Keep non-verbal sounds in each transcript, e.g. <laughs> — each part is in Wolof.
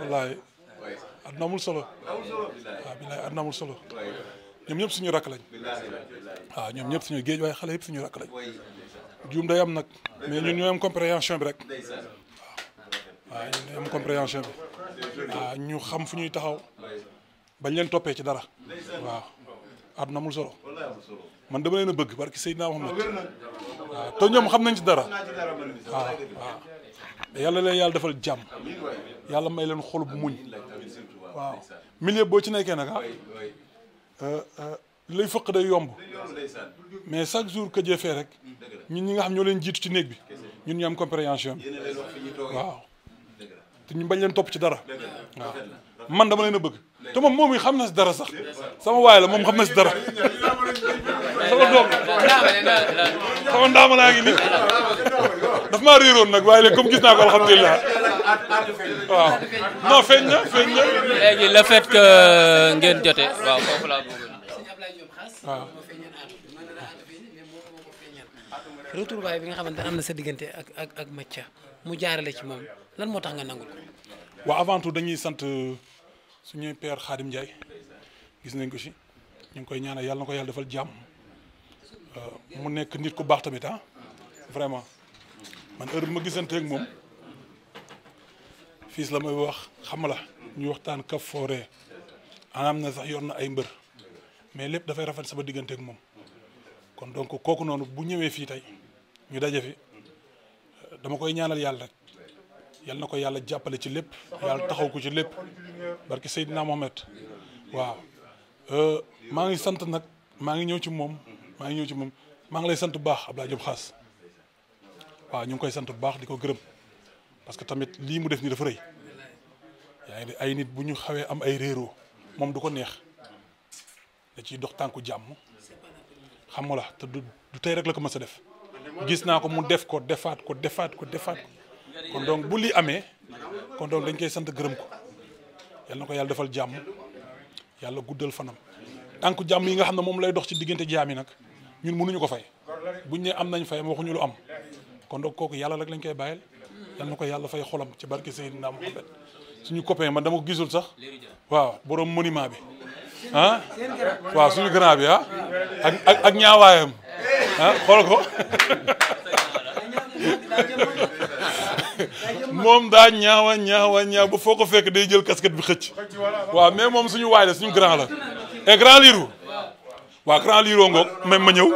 wallaay àdduna mul solo waaw ah, billaay àdduna amul solo ñoom ñëpp suñu rakk lañ waaw ah, ñoom ñëpp suñu géej waaye xale yëpp suñu rakk lañ juum day am nag mais ñun ñooy am compréhension bi rek waaw ah, ñu xam fu ñuy taxaw bañ leen toppee ci dara waaw àdduna amul solo man dama leen a bëgg barki Seydina Muhammad waaw te ñoom xam nañ ci dara waaw waaw yàlla leen yàlla defal jàmm yàlla may leen bu muñ waaw milieu boo ci nekkee nag ah, euh, euh, lay fëq day yomb mais chaque jour que jëfee rek mm, ñun ñi nga xam ñoo leen jiitu ci néeg bi ñun ñu am compréhension waaw mm, te ñu bañ leen topp ci dara waaw man dama leen a bëgg te moom moom yi xam na si dara sax sama waay la moom xam na si dara sama doom laa ngi nii daf maa réeroon nag waaye léegi comme gis naa ko alhamdulilah waaw non feeñ na feeñ na. léegi le fait que ngeen jote waaw foofu laa bi nga xamante ne am na sa diggante ak ak ak Mathia mu jaarale ci moom lan moo tax nga nangul ko. waaw avant tout dañuy sant euh, suñuy père Khadim Ndiaye gis nañ ko si ñu ngi koy ñaanal yàlla na ko yàlla defal jàmm euh, mu nekk nit ku baax tamit ah vraiment. man heure bi ma gisante ak moom fiis la may wax xam la ñu waxtaan ka fooree anaam na sax yoon na ay mbër mais lépp dafay rafet sama diggante ak moom kon donc kooku noonu bu ñëwee fii tey ñu daje fi dama koy ñaanal yàlla rek yal na ko yàlla jàppale ci lépp yàlla taxaw ko ci lépp barki Seydina Mohamed waaw euh, maa ngi sant nag maa ngi ñëw ci moom maa ngi ñëw ci moom maa ngi lay sant bu baax Abdoulaye Diop Xaas waaw ñu ngi koy sant bu baax di ko gërëm parce que tamit lii mu def nii dafa rëy yaa ngi ay nit bu ñu xawee am ay réeroo moom du ko neex da ciy dox tànku jàmm xam nga la te du du tey rek la ko mës a def gis naa ko mu def ko defaat ko defaat ko defaat kon donc bu lii amee kon donc dañ koy sant gërëm ko yal na ko yàlla defal jàmm yàlla guddal fanam tànku jàmm yi nga xam ne moom lay dox ci diggante jaam yi nag ñun ñu ko fay buñ ne am nañ fay waxuñu lu am. kon kooku yàlla rek lañ koy bàyyil yal ko yàlla fay xolam ci barke Seydina Mohamed suñu copain man dama ko sax waaw borom monument bi ah? suñu grand bi ah? ah, <laughs> moom daa ñaawa ñaawa ñaaw ba fekk day jël casquette bi xëcc waaw mais moom suñu waay la suñu grand la et eh, grand liiru waaw grand liiroo ngoog ma ñëw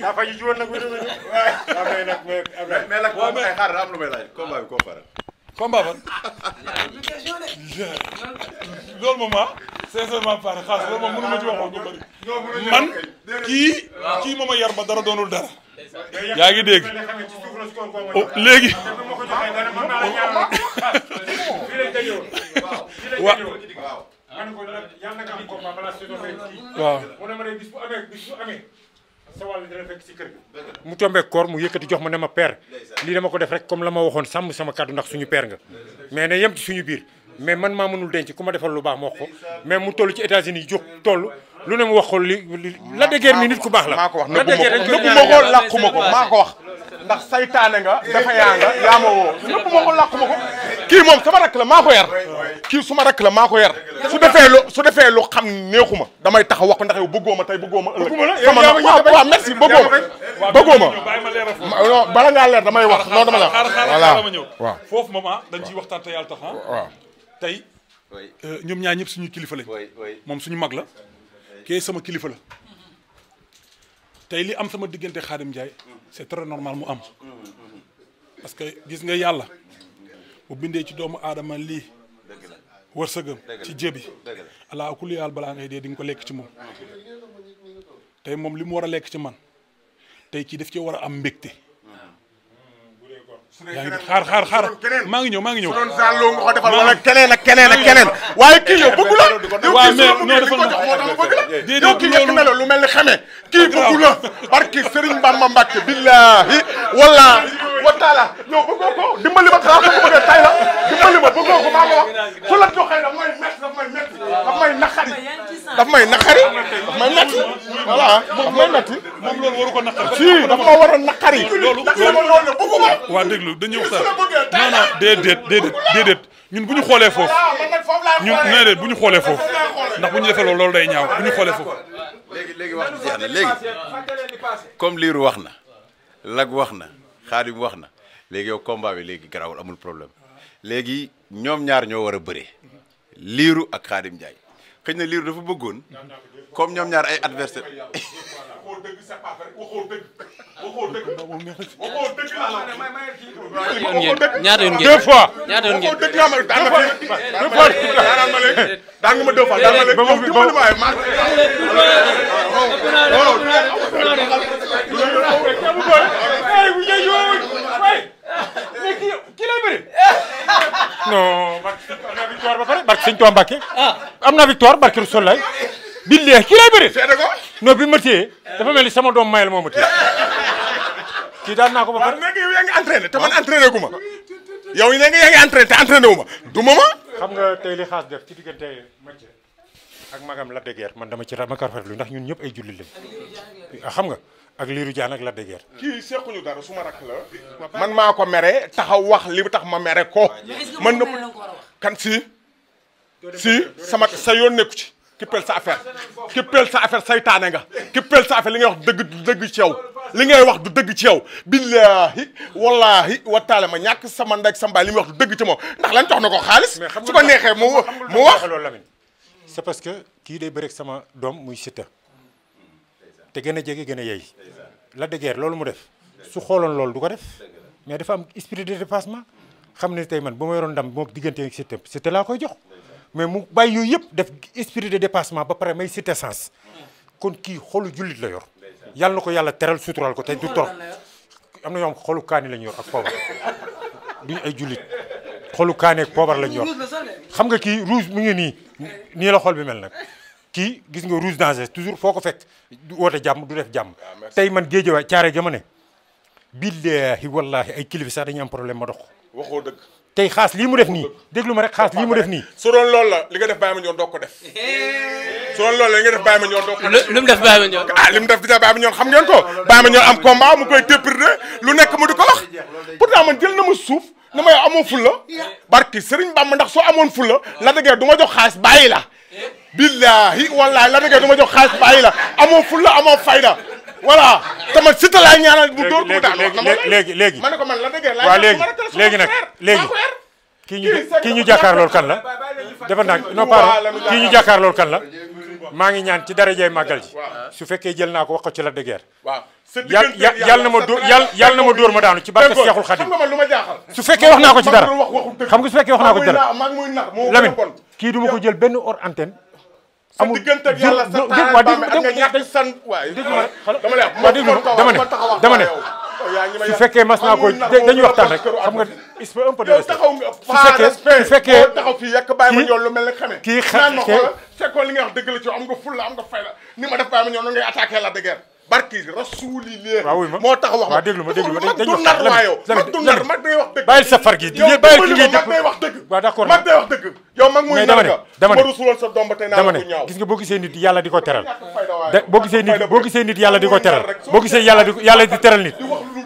daa fay jiwoon nag wér wér daa may nag mais mais nag moom ay ma ci man kii kii moom a yar ba dara doonul dara. yaa ngi dégg oh, léegi wa waaw mu tombeek koor mu yëkkati jox ma ne ma père lii dama ko def rek comme la ma waxoon sàmm sama kàddu ndax suñu père nga mais ne yem ci suñu biir mais man maa mënul denc ku ma defal lu baax ma wax ko mais mu toll ci États-Unis jóg toll lu ne mu waxul li la dëgër ni nit ku baax la. maa ko wax nëbbu ma ko làqu ma ko maa ko wax. ndax saytaane nga dafa yaa nga yaa ma woo nëbbu ma ko làqu ma ko kii moom sama rakk la maa ko yar kii suma rakk la maa ko yar su defee lu su defee lu xam neexu ma damay taxaw wax ko ndax yow bëggoo ma tey bëggoo ma ëllëg sama na waaw waaw merci bëggoo ma bëggoo ma non bala ngaa leer damay wax non dama la voilà waaw foofu maman dañ ciy waxtaan te yàlla tax ah waaw tey euh, ñoom ñaar ñëpp suñu kilifa lañ moom suñu mag la kee sama kilifa la tey li am sama diggante Xaadim Ndiaye c'est très normal mu am parce que gis nga yàlla bu bindee ci doomu aadama lii wërsëgam ci jébi allah kulli yàlla balaa ngay dee di nga ko lekk ci moom tey moom li mu war a lekk ci man tey kii daf ci war a am mbégte yaa ngi xaar xaar xaar maa ngi ñëw maa ngi ñëw. doon Zale ak keneen ak keneen. waaye kii yow bëggu la. waaw mais non dafa ndox moo tax ma bëgg kii yegg na lu mel kii bëggu la barki Serigne Bamba Mbacke billaahi wala. wa taala la dimbali ma bëggoo ko maa ngi wax ku la joxee daf may métti daf may may naqari daf may naqari daf may métti moom loolu waru ko naqari si daf ma war a naqari loolu loolu bëgguma waa déglu dañuy waxtaan non non déedéet déedéet déedéet ñun bu ñu xoolee foofu ah, ñun nee déet bu ñu xoolee foofu ndax bu ñu defee loolu day ñaaw bu ñu xoolee foofu léegi léegi wax jeex na léegi comme liiru wax na lag wax na xaadim wax na léegi yow combat bi léegi garawul amul problème léegi ñoom ñaar ñoo war a bëree liiru ak xaadim Ndiaye xëy na liiru dafa bëggoon comme ñoom ñaar ay adversaire waxoo dëgg c'est pas vrai waxoo dëgg waxoo dëgg waxoo dëgg laa la wax ñaata yoon ngeen deux fois ñaata yoon ngeen dëgg laa ma daan ma deux fois daan ma léegi daan nga ma deux fois daan ma léegi ba ma ba ma ma non am na victoire ba pare barke Sëñ Tuubaa Mbàkke ah. am na victoire barke Rasul lay billahi kii lay bëri seede ko non bi ma téye dafa mel ni sama doom mayel moo ma téye kii daan naa ko ba pare. waaw yow yaa ngi entraîné te man entraîné gu ma yow nee nga yaa ngi entraîné te entraîné wu ma du ma ma. xam nga tey li xaas def ci diggante Mathieu ak magam Lac de Guiers man dama ci ràmm ak rafetlu ndax ñun ñëpp ay jullit lañ xam nga ak Lirou Diane ak la de Guiers. kii sequñu dara su ma rak la. man maa ko mere taxaw wax li tax ma mere ko. man na kan si si sama sa yoon nekku ci. kippeel sa affaire kippeel sa affaire saytaane nga kippeel sa affaire li ngay wax dëgg du dëgg ci yow li ngay wax du dëgg ci yow billaahi wallaahi wa taala ma ñàkk sama ndek sama baay li muy wax du dëgg ci moom ndax lan jox na ko xaalis su ko neexee mu mu wax loolu Lamine c'est parce que kii day bëreeg sama doom muy Siteu te gën a jege gën a yey la dëggeer loolu mu def su xooloon loolu du ko def mais dafa am esprit de dépassement xam ne tey man bu ma yoroon ndam moo diggante ak Siteu laa koy jox mais mu bay yooyu yëpp def esprit de dépassement ba pare may cité sens kon kii xolu jullit la yor yàlla na ko yàlla teral sutural ko te du torox am na ñoo xam xolu kaani lañ yor ak poobar duñ ay jullit xolu kaani ak poobar lañ yor xam nga kii rouge mu ngi nii nii la xol bi mel nag kii gis nga rouge danger toujours foo ko fekk du woote jàmm du def jàmm ah, tey man géejewaay caare jamono billaahi wallaahi ay kilifa sax dañuy am problème ma dox. dëgg. tey xaas lii mu def nii déglu ma rek xaas lii mu def nii. su doon loolu la li nga def bàyyi ma ñoon doo ko def. Eh. su doon loolu la li nga def bàyyi ma ñoon doo ko def. lu mu def bàyyi ma ñoon. ah li mu def dina bàyyi ma ñoon xam ngeen ma ñoon am combat mu koy tëppir de lu nekk mu di ko wax pourtant man jël na ma suuf na ma yow amoo fulla barki Serigne Bamba ndax soo amoon fulla la dëgg du ma jox xaas bàyyi la. Eh? billaahi wallaahi la dëgg du ma xaas bàyyi la amoo fulla amoo fayda voilà tamit si ta laa ñaanal bu dóor léegi léegi ma ne ko man la dëggee waaw léegi léegi nag léegi kii ñu kii ñu jàkkaar kan la dafa nag non pardon kii ñu jàkkaar kan la maa ngi ñaan ci darajey màggal ji su fekkee jël naa ko wax ko ci la dëggeer yal yal na ma dóor yal yal na ma dóor ma daanu ci barke Seexul Xadim su fekkee wax naa ko ci dara xam nga su fekkee wax naa ko ci dara Lamine kii du ko jël benn or antenne amul digganteeg yàlla am nga ñàkk san waay dama wax dama ne dama ne su fekkee mas naa ko dañuy waxtaan rek xam nga il faut un peu de respect su fekkee su li nga dëgg la ci am nga fulla am nga fay la ni ma def bàyyi ma ñoon ngay attaqué la de barki rasulilah. waaw ma moo tax wax ma déglu ma déglu ma déglu ma mag du nar mag day wax dëgg. bàyyi sa far gi di bàyyi ki ngay def mag day wax dëgg. waaw d'accord mag day wax dëgg. yow mag muy nar nga dama ne dama ne gis nga boo gisee nit yàlla di ko teral. da boo gisee nit boo gisee nit yàlla di ko teral boo gisee yàlla di yàlla di teral nit.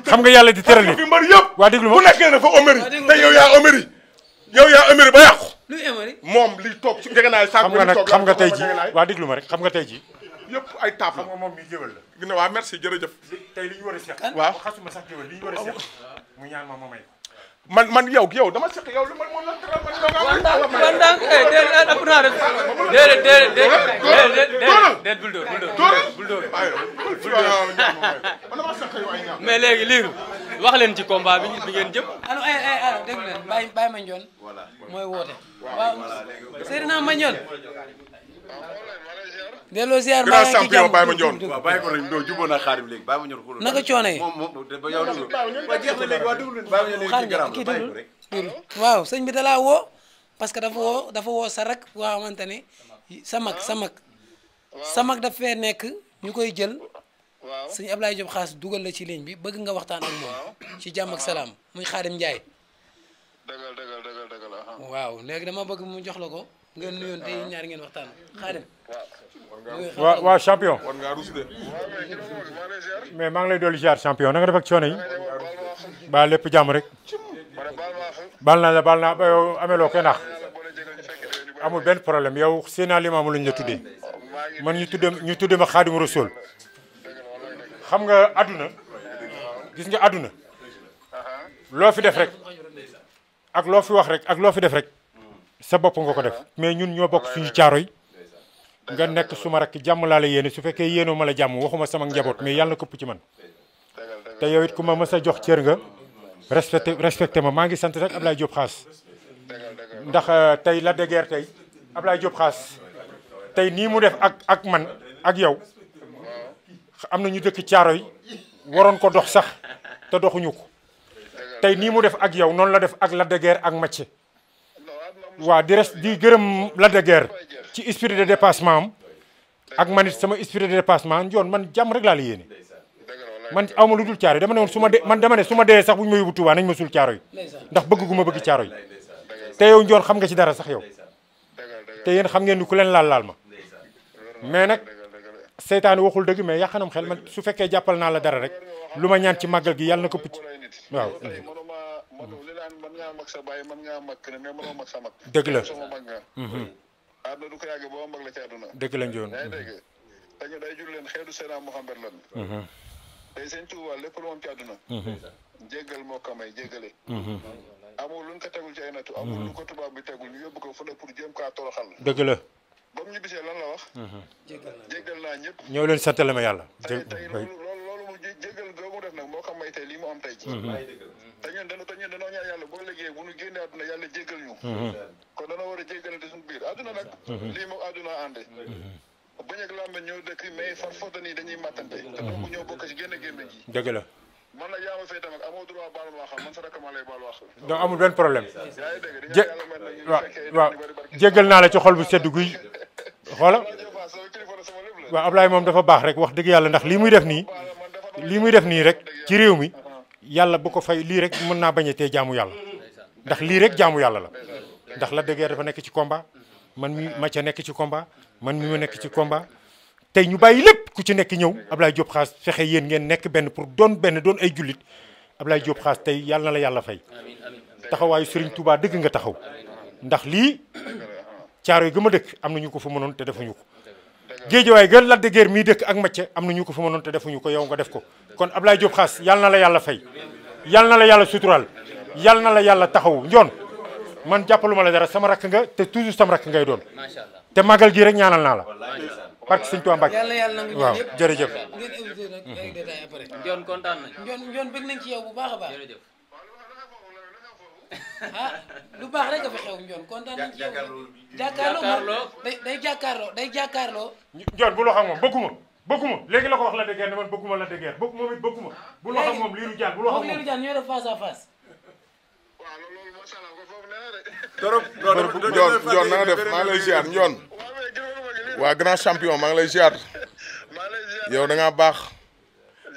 xam nga yàlla di teral nit. waa déglu ma bu nekkee dafa omeri te yow yaa omeri yow yaa omeri ba yàqu. moom li toog ci njëgënaay sànq. xam nga nag xam nga tey ji waa déglu ma rek xam nga tey ji yëpp ay taaf la xam nga moom mii géwél la. ginnaaw waaw merci jërëjëf. tey li ñu war a seq. waaw xasuma sax géwél li ñu war a seq. mu ñaan ma ma may man man yow yow dama seq yow li man moom la tëral man. waaw waaw man daan eh, déedéet ëpp naa rek. déedéet déedéet déedéet bul dóor bul dóor bul dóor mais léegi liiru wax leen ci combat bi bi ngeen jëm. allo ay ay ah dégg nga Baye Baye Mandione. mooy woote. waaw Seydina Mandione. delloo ziar maa ngi ci jàmm Baye Mandione waaw bàyyi nag doo jubóo waaw jeex na waaw sëñ bi dalaa woo parce que dafa woo dafa woo sa rak boo xamante ne sa mag sa daf nekk ñu koy jël sëñ laay Diop xaas dugal la ci ligne bi bëgg nga waxtaan ak moom ci jàmm ak salaam muy xaarim Ndiaye dëggal waaw léegi dama bëgg mu jox la ko ngeen nuyoon tey ñaar ngeen waxtaan xaarim waa waa champion. mais maa ngi lay dolli ziar champion na nga def ak coono yi. lépp jàmm rek. baal naa la ba yow ameloo kenn naax amul benn problème yow naa Limaamu lañ la tuddee man ñu tuddee ñu tuddee ma Xaadimu Rasuul xam nga àdduna gis nga àdduna loo fi def rek ak loo fi wax rek ak loo fi def rek sa bopp nga ko def mais ñun ñoo bokk suñu caaro yi nga nekk suma rakk jàmm laa la yéene su fekkee yéenoo ma la jàmm waxuma sama njaboot mais yàlla na këpp ci man te yow it ku ma mës jox cër nga respecté respecté ma maa ngi sant rek Ablaye Diop Xaas ndax euh, tey la de guerre tey Ablaye Diop Xaas tey nii mu def ak ak man ak yow am na ñu dëkk caaro yi waroon ko dox sax te doxuñu ko tey nii mu def ak yow noonu la def ak la de ak Mathieu waaw di res di gërëm la de Guiers ci esprit de dépassement am ak man sama esprit de dépassement yoon man jàmm rek laa la yéene man aw ma lu dul caaro yi dama ne woon su ma dee man dama ne su ma dee sax bu ñu ma yóbbu Tuubaa nañ ma suul caaro yi ndax bëgg gu ma bëgg caaro yi te yow njoon xam nga ci dara sax yow te yéen xam ngeen ni ku leen laal laal ma mais nag seytaane waxul dëgg mais yàqanam xel man su fekkee jàppal naa la dara rek lu ma ñaan ci màggal gi yàlla na ko mag li laan mën ngaa mag sa bàyyi mën ngaa mag keneen mais mënoo mag sa mag dëgg la sama mag nga mhm. àdduna du ko yàgg boo mag la ci dëgg la njoon mhm. dañu day jur leen xeetu Seydina Muhammad lan mhm. tey sëñ Tuuba lépp lu moom ci àdduna jéggal moo ko may jéggale amul luñ ko tegul ci ay nattu amul lu ko tubaab bi tegul ñu yóbbu ko fu ne pour jéem kaa toroxal dëgg la ba mu ñu la wax jéggal naa ñëpp ñëw leen santale ma yàlla tey loolu jéggal googu def nag moo xam may tey lii mu am tey ji mhm. mhm. te ñun dañu te mhm. a jéggalante la man ma fay tamit amoo droit baal ma waxal man sa rakk ma lay baal wax donc amul benn problème jé waaw waaw jéggal naa la ci xol bu sedd guy xoola <laughs> waaw Ablaye moom dafa baax rek wax dëgg yàlla ndax lii muy def nii lii muy def nii rek ci réew mi yàlla bu ko fay lii rek mën naa bañ a tee jaamu yàlla ndax lii rek jaamu yàlla la ndax la dëgg dafa nekk ci komba man mi ma nekk ci komba man mi ma nekk ci combat tey ñu bàyyi lépp ku ci nekk ñëw Ablaye Diop Khass fexe yéen ngeen nekk benn pour doon benn doon ay jullit Ablaye Diop Khass tey yàlla na la yàlla fay taxawaayu Serigne Touba dëgg nga taxaw ndax lii caaro yi gëm a dëkk am na ñu ko fa mënoon te defuñu ko. géejawaay gën Lac de Guiers mii dëkk ak macce am na ñu ko fa mënoon te defuñu ko yow nga def ko kon Ablaye Diop Xaas yal na la yàlla fay yal na la yàlla suturaal yal na la yàlla taxaw njoon man jàppaluma la dara sama rakk nga te toujours sama rakk ngay doon te màggal gii rek ñaanal naa la parce que sëñ Tuubaa Mbàkke waaw jërëjëf. njoon kontaan nañ. njoon njoon bëgg nañ a Ah, lu baax rek dafa xew Ndiol kontaan nañ ci yow. jàkkaarloo day day jàkkaarloo day jàkkaarloo. Ndiol bu loo xam moom bëgguma bëgguma léegi la ko wax la dëgër ne man bëgguma la dëgër bu loo xam moom liiru jaan bu loo xam moom liiru jaan def face lay ziar Ndiol. <laughs> waa grand champion maa lay ziar. yow da baax.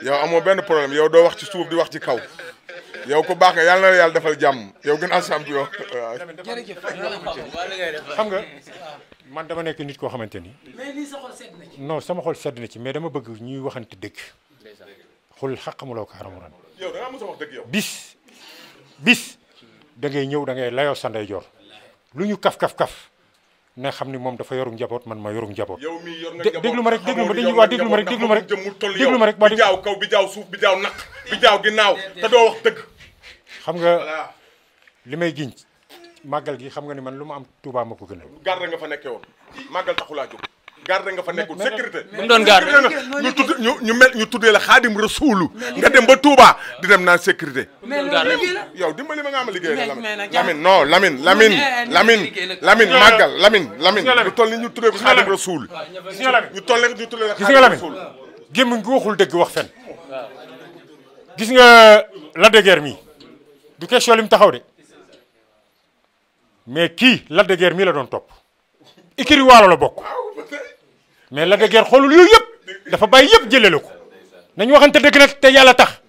yow amoo benn problème yow doo wax ci suuf di wax ci kaw yow ku baax nga yàlla na la yàlla defal jàmm yow gën a champion xam nga man dama nekk nit koo xamante ni non sama xol sedd na ci mais dama bëgg ñuy waxante dëgg xul xaqamuloo ko aramuran bis bis da ngay ñëw da ngay layoo sa ndeyjoor lu ñu kaf kaf kaf na xam ni moom dafa yorum njaboot man ma yorum njaboot. yow mi yor nga njaboot déglu ma rek déglu ma dañuy waa déglu ma rek déglu ma rek déglu ma bi jaaw kaw bi jaaw suuf bi jaaw naq bi jaaw ginnaaw te doo wax dëgg. xam nga li may giñ màggal gi xam nga ni man lu ma am Touba ma ko gën a. garde nga fa nekkee woon màggal taxulaa jóg. garde fa nekkul sécurité. bu mu doon garde ñu tudd ñu ñu mel ñu tuddee la xaadim rasuulu nga dem ba Touba di dem naan sécurité. yow dimbali ma nga am liggéey la Lamine non Lamine Lamine Lamine Lamine màggal Lamine Lamine ñu toll ni ñu tuddee ko xaadim rasuul ñu toll ni ñu tuddee la xaadim rasuul gémmiñ gu waxul dëgg wax fen gis nga la de mi du question lim taxaw de mais kii Lac de mii la doon topp ikiri waalo la bokk mais Lac de Guiers xoolul yooyu yëpp dafa bàyyi yëpp jëlee la ko nañu waxante dëgg nag te yàlla tax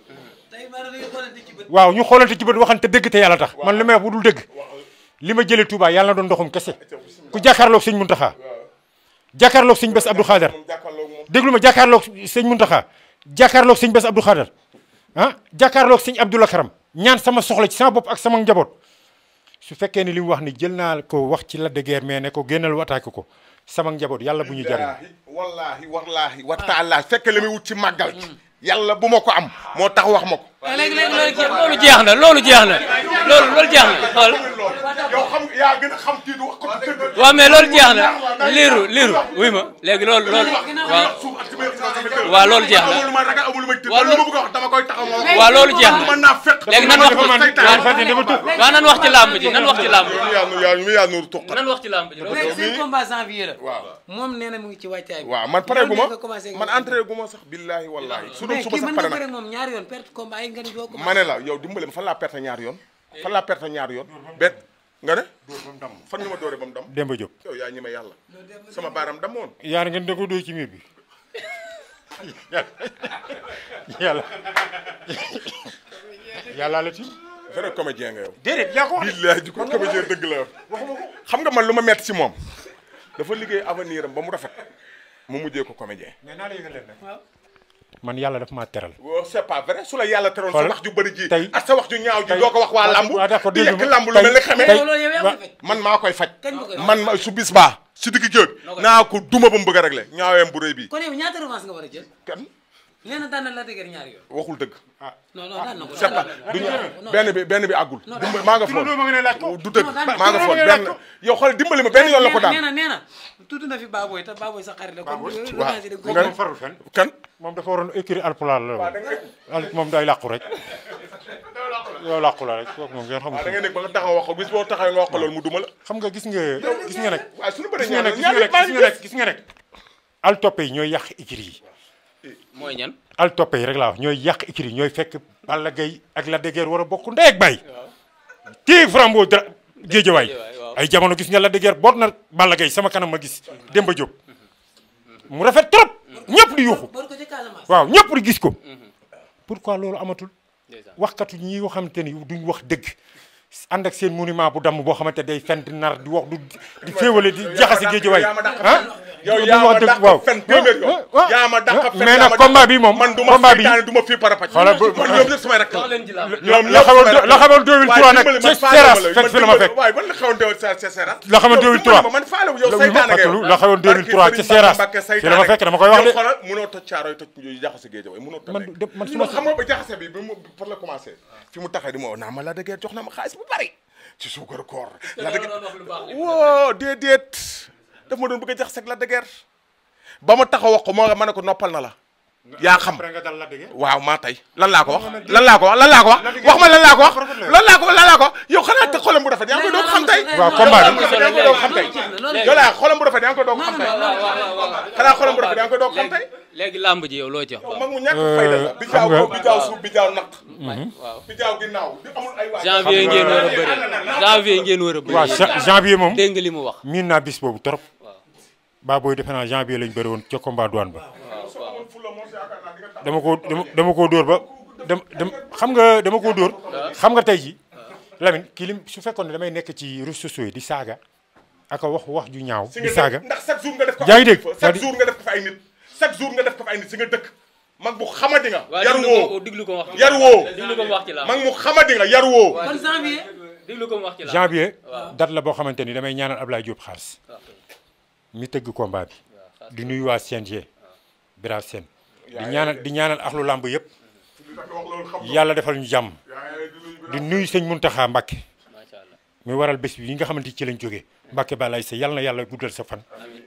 waaw ñu xoolante ci bët waxante dëgg te yàlla tax man li may wax bu dul dëgg li ma jëlee Touba yàlla na doon ndoxum kese ku jàkkaarloog sëñ Muntaxa jàkkaarloog sëñ Bass Abdou Khader déglu ma jàkkaarloog sëñ Muntaxa jàkkaarloog sëñ Bass Abdou Khader ah jàkkaarloog sëñ Abdoul Karam ñaan sama soxla ci sama bopp ak sama njaboot su fekkee ne li wax ni jël naa ko wax ci la de Guiers ne ko génnal wa attaqué ko sama njaboot yàlla bu ñu jariñ wallaahi wallaahi wataalaa fekk li muy wut ci màggal ci yàlla bu ma ko am moo tax wax ma ko léegi léegi loolu jeex na loolu jeex na loolu loolu jeex na xool waaw mais loolu jeex na liiru liiru wuy ma léegi loolu loolu waaw waaw loolu jeex na waaw loolu jeex na léegi nan wax waaw nan wax ci làmb ji nan wax ci làmb ji nan wax ci làmb ji seen combat janvier la moom nee na mu ngi ci wàccaay waaw man pare gu ma man entré gu ma sax billaahi wallaahi su doon suba sax pare na bàyyi nga ma ne la yow dimbale ma fan laa perte ñaar yoon fan laa perte ñaar yoon bet nga ne fan nga ma dóore ba mu damm Demba Diop yow yaa ñi ma yàlla sama baaram damoon yaar ngeen da ko miir bi <laughs> yàlla yàlla la ci vrai comédien nga yow wax xam nga man lu ma metti si moom dafa liggéey avenir am ba mu rafet mu mujjee ko comédien mais naa man yàlla daf maa teral. Oh, c'est pas vrai su la yàlla teral sa wax ju bëri ji tey ak sa ju ñaaw ji doo ko wax waa lambu. waaw d'accord lambu lu mel ni xamee man maa koy faj. man su bis baa si digg géej naa ko duma ba mu bëgg a réglé ñaawem bu rëy bi. a nee na daan na la dëgër waxul dëgg. ah non non ah, bi benn bi àggul. dimbali maa nga foon oh, du dëgg maa nga foon benn yow xool dimbali ma benn yoon ko daan nee na nee na tudd na fi Baboy te Baboy sa xarit la. Baboy waaw nga farul fenn kan. moom dafa waroon écrire alpulaar la moom moom day làqu rek. yow làqu la rek kooku moom ngeen da ngeen nekk ba boo taxawee nga wax ko loolu mu duma la. xam nga gis nga gis nga nag. waaw suñu bëree ñaar gis nga nag gis nga al toppe yi ñooy yàq écrit yi mooy ñan al toppe yi rek laa wax ñooy yàq écrit ñooy fekk Balla Gaye ak Lac de Guiers war a bokk ndey ak bay téye Frambo dara géejawaay ay jamono gis nga Lac de Guiers boot na Balla Gaye sama kanam ma gis Demba Diop mu rafet trop ñëpp di yuuxu waaw ñëpp di gis ko mhm. pourquoi loolu amatul waxkatu ñi yoo xamante ni duñ wax dëgg ànd ak seen monument bu damm boo xamante day fent nar di wax du di féewale di jaxase géejawaay yow yaa ma dàq a fen premier yow yaa ma dàq a fen mais nag combat bi moom man du ma fi daane du ma fii parapac man ñoom ñëpp samay rakk ñoom la xamoon 2003 nag ci Seras fekk fi la ma fekk waaye man la xamoon 2003 la xamoon 2003 man faalew yow saytaane nga la xamoon 2003 ci Seras fi la ma fekk dama koy wax de xoolal mënoo toj caaroy toj ku jooju jaxase géej waaye mënoo toj man suma xam nga ba jaxase bi bi mu pour la commencé fi mu taxee di ma naa ma la dëggee jox na ma xaalis bu bari ci suukar koor la dëgg woo déedéet daf ma doon bëgg a jax seg la de ba ma taxaw wax ko moo nga ma ne ko noppal na la yaa xam waaw maa tey lan laa ko wax lan ko wax lan laa ko wax wax ma lan laa ko wax lan laa ko lan laa ko wax yow xanaa te xolam bu rafet yaa ngi koy doog xam tey waaw combat xam tey yow laa xolam bu rafet yaa ngi koy doog xam tey xanaa xolam bu rafet léegi làmb ji yow loo ci wax mag mu ñàkk euh, fayda la bi jaaw kaw bi jaaw suuf bi jaaw naq mm-hmm. bi jaaw ginnaaw janvier ngeen war a bëri janvier ngeen war a bëri janvier moom dégg nga li mu wax miin naa bis boobu trop baabooy defe naa janvier lañ bëri woon ca combat douane ba. dama ko dama ko dóor ba dem dem xam nga dama ko dóor. xam nga tey ji kii lim su fekkoon ne damay nekk ci réseaux yi di saaga. ak wax wax ju ñaaw. di saaga ndax chaque jour nga ko ay nit chaque jour si nga dëkk. mag mu xamadi nga. yaru woo ko wax yaru woo diglu ko wax ci la janvier. diglu la boo xamante ni damay ñaanal Ablaye Diop xaalis mi tëgg combat bi di nuyu waa CNG Bira Sène di ñaanal di ñaanal axlu làmb yëpp mm-hmm. yàlla defal ñu jàmm di nuyu sëñ Muntaxa Mbàkke mi waral bés bi yi nga xamante ci lañ jóge Mbàkke balay sa yàlla na yàlla guddal sa fan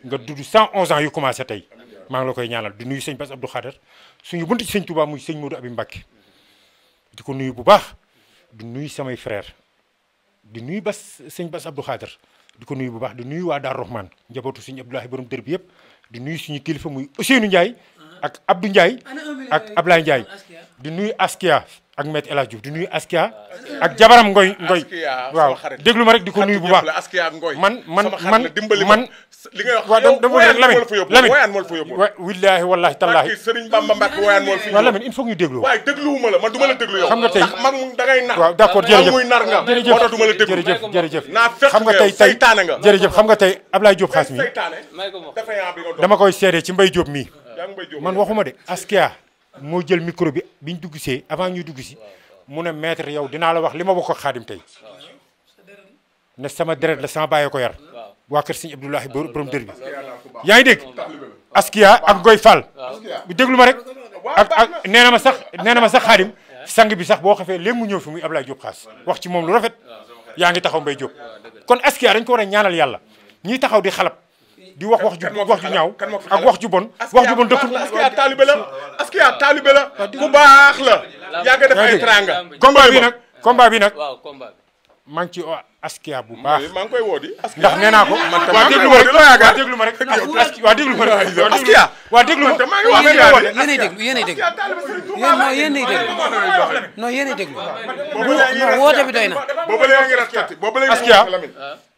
nga dudd 111 ans yu commencé tey maa ngi la koy ñaanal di nuyu sëñ Bass Abdou Khader suñu bunt ci sëñ Touba muy sëñ Modou Abi Mbàkke mm-hmm. di ko nuyu bu baax di nuyu samay frère di nuyu bas sëñ Bass Abdou Khader di ko nuyu bu baax di nuyu waa Darou Rahman njabootu suñu Abdoulahi borom dër bi yëpp di nuyu suñu kilifa muy Ousseynou Ndiaye ak Abdou Ndiaye ak Ablaye Ndiaye di nuyu Askia ak Maître El Hadj Diouf di nuyu Askia ah, ak jabaram ngoy ngoy waaw déglu ma rek di ko nuyu bu baax man man man man li nga wax waaw dama Lamine Lamine woyaan moo la fa yóbbu wallaahi wallaahi tallaahi Serigne Bamba Mbacke woyaan moo la fi yóbbu waaw Lamine il faut ñu déglu waaw dégluwuma la man du ma la déglu yow xam nga tey man da ngay nar waaw d'accord jërëjëf muy nar nga moo tax du ma la déglu jërëjëf jërëjëf xam nga tey tey jërëjëf xam nga tey Ablaye Diop xaas mi dama koy seede ci Mbaye Diop mii man waxuma de Askia moo jël micro bi biñ dugg see avant ñuy dugg si mu ne maître yow dinaa la wax li ma bokk ak xaadim tey ne sama deret la sama bàyyee ko yar waa kër sëñ Abdoulahi yaa ngi dégg ak Goy Fall déglu ma rek ak ak nee sax nee na ma sax xaadim sang bi sax boo xafee léegi mu ñëw fi muy Ablaye Diop xaas wax ci moom lu rafet yaa ngi taxaw mbay Diop kon Askia dañ ko war a ñaanal yàlla ñiy taxaw di xalab di wax wax ju wax ak wax ju bon wax ju bon dëkk est-ce a la est a baax bi nag combat bi nag waaw combat bi maa bu woo di ndax nee naa ko waa déglu ma rek waa déglu ma ma rek askia waa déglu ma yéen ay déglu yéen ay déglu non yéen ay bi doy na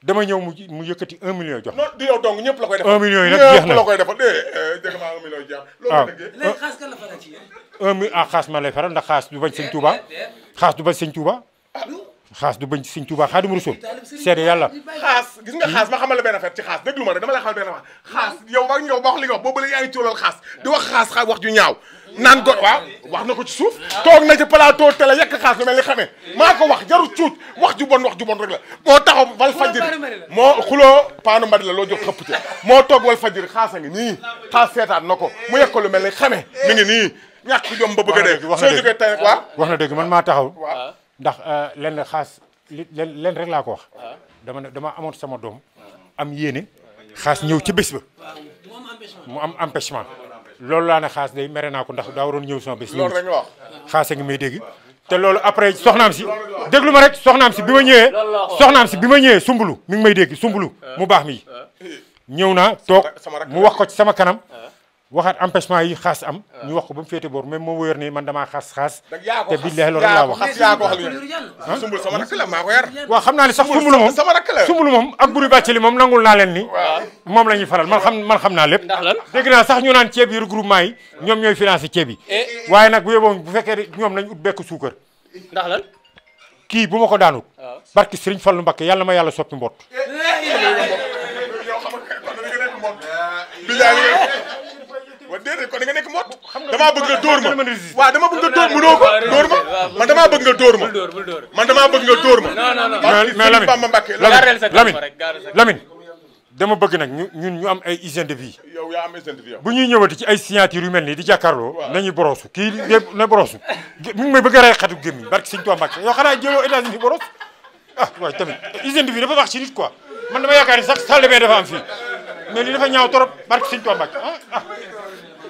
dama ñëw mu mu yëkkati un million jox non du dong ñëpp loko koy defal un million yi nag jeex na koy defal dégg eh, eh, naa un million jeex waaw ah. léegi xaas kan faral ci ah, xaas ma lay faral ndax xaas du bañ sëñ Touba xaas du bañ sëñ Touba ah, xaas du bañ sëñ Touba Xaadimu Rasuul seede yàlla xaas gis nga xaas ma xamal la benn affaire ci xaas lu ma rek dama lay xamal benn affaire xaas yow wax yow wax li wax boobu la yaa ngi xaas di wax xaas wax ju ñaaw naan gor waaw wax na ko ci suuf toog na ci plateau télé yekk xaas lu mel ni xamee maa ko wax jarul cuuc wax ju bon wax ju bon rek la moo taxaw wal fajiri moo xuloo paanu mbari la loo jox xëpp ci moo toog wal fajiri xaasa ngi nii xaas seetaan na ko mu yekk lu mel ni xamee mi ngi nii ñàkk jom ba bëgg a dee soo jógee tey waaw wax na dëgg man maa taxaw ndax euh, lenn xaas li leen rek laa ko wax dama ne dama amoon sama doom am yéene xaas ñëw ci bés ba mu am empêchement loolu laa ne xaas day mere naa ko ndax daa waroon ñëw sama bés. loolu rek wax xaas ngi may dégg. te loolu après soxnaam si déglu ma rek soxnaam si bi ma ñëwee. soxnaam si bi ma ñëwee sumbulu mi may dégg sumbulu mu baax mi eh. ñëw naa toog mu wax ko ci sama kanam. Eh. waxaat empêchement yi xaas am. ñu wax ko ba mu féete boor même moo wóor ne man damaa xaas xaas. te billahi loolu laa wax waaw xam naa ne sax sumbul moom sumbul moom ak buri bàccali moom nangul naa leen ni. moom la ñuy faral man xam man xam naa lépp. ndax lan naa sax ñu naan ceeb yi regroupement yi ñoom ñooy financé ceeb yi. waaye nag bu yeboo bu fekkee ñoom nañ ut bekk suukar. ndax kii bu ma ko daanut. waaw barki Serigne Fallou Mbacke yàlla ma yàlla soppi mbott damaa bëgg nga dóor ma waaw dama bëgg nga dóor mënoo ko dóor ma man damaa bëgg nga dóor ma man damaa bëgg nga dóor ma. mais mais Lamine Lamine Lamine dama bëgg nag ñu ñun ñu am ay hygiène de vie. yow yaa am hygiène de vie yow. bu ñuy ñëwati ci ay signature yu mel nii di jàkkaarloo. waaw nañuy borosu kii lépp na borosu. mu ngi may bëgg a rey xetu gémmiñ barke Sëñ Tuubaa Mbàkke yow xanaa jéemoo États-Unis boros ah waaye tamit hygiène de vie dafa baax ci nit quoi man dama yaakaar ni sax salle de bain dafa am fii mais li dafa ñaaw trop barke Sëñ Tuubaa Mbàkke ah ah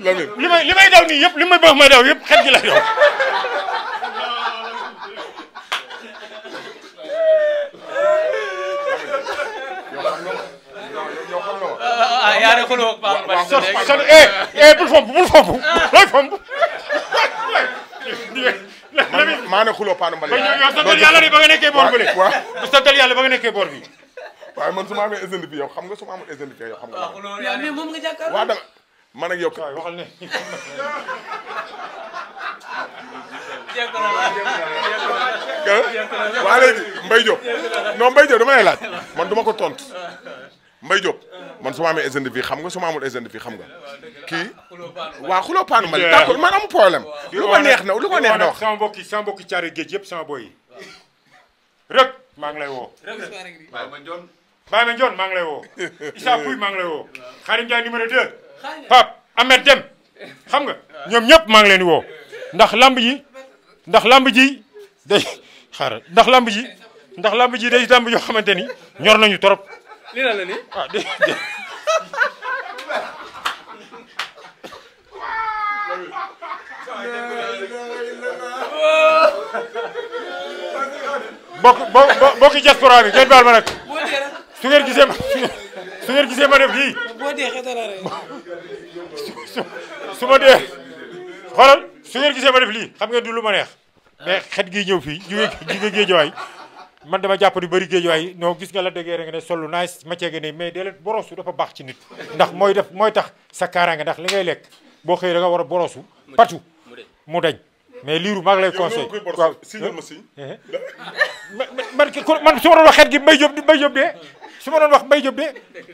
Lamine li may li may daw nii yëpp li may baax may daw yëpp xet gi lay daw. ah yaa ne xuloo ba am bari. sori sori eh eh bul fomp bul fomp looy fomp. maa ne xuloo paanu mbali. santal yàlla de ba nga nekkee boor bële. waaw santal yàlla ba nga nekkee boor bi. waaye man su ma amee émission bi yow xam nga su ma amul émission bi yow xam nga. waaw ah, loolu mais moom nga jàkkaarloo waaw dama. man ak yow. waaw waxal ne. waa léegi Mbaye Diop non Mbaye Diop dama lay man duma ko tontu Mbaye Diop man su ma amee exemple fii xam nga su ma amul exemple fii xam nga kii waaw xuloo paanu ma d'accord man am problème lu ko neex na lu ko neex na wax sama mbokki sama géej yëpp sama rek maa ngi lay woo Baye Mandione Baye maa ngi lay woo Issa Pouye maa ngi lay woo Xarim Ndiaye numéro 2 Pape Ahmed Deme xam nga ñoom ñëpp maa ngi leen di woo ndax lamb yi ndax lamb ji day xaaral ndax lamb ji ndax lamb ji day lamb yoo xamante ni ñor nañu trop. li ah, na la baal ma nag su ngeen su ngeen gisee ma def lii. boo su ma dee xoolal su ngeen gisee ma def lii xam ngeen du lu ma neex. mais xet gi ñëw fii jugee jugee géejawaay man dama jàpp di bëri géejawaay noo gis nga la déggee rek ne solu naaj ma ceege ne mais déedéet borosu dafa baax ci nit. ndax mooy def tax sa kaaraange ndax li ngay lekk boo xëyee da nga war a borosu. patu mu dañ. mais liiru maa ngi lay conseil waaw yow eh, eh. <laughs> ma man su ma doon xet gi mbay jóob mbay jóob dee. su ma doon wax mbay Diop de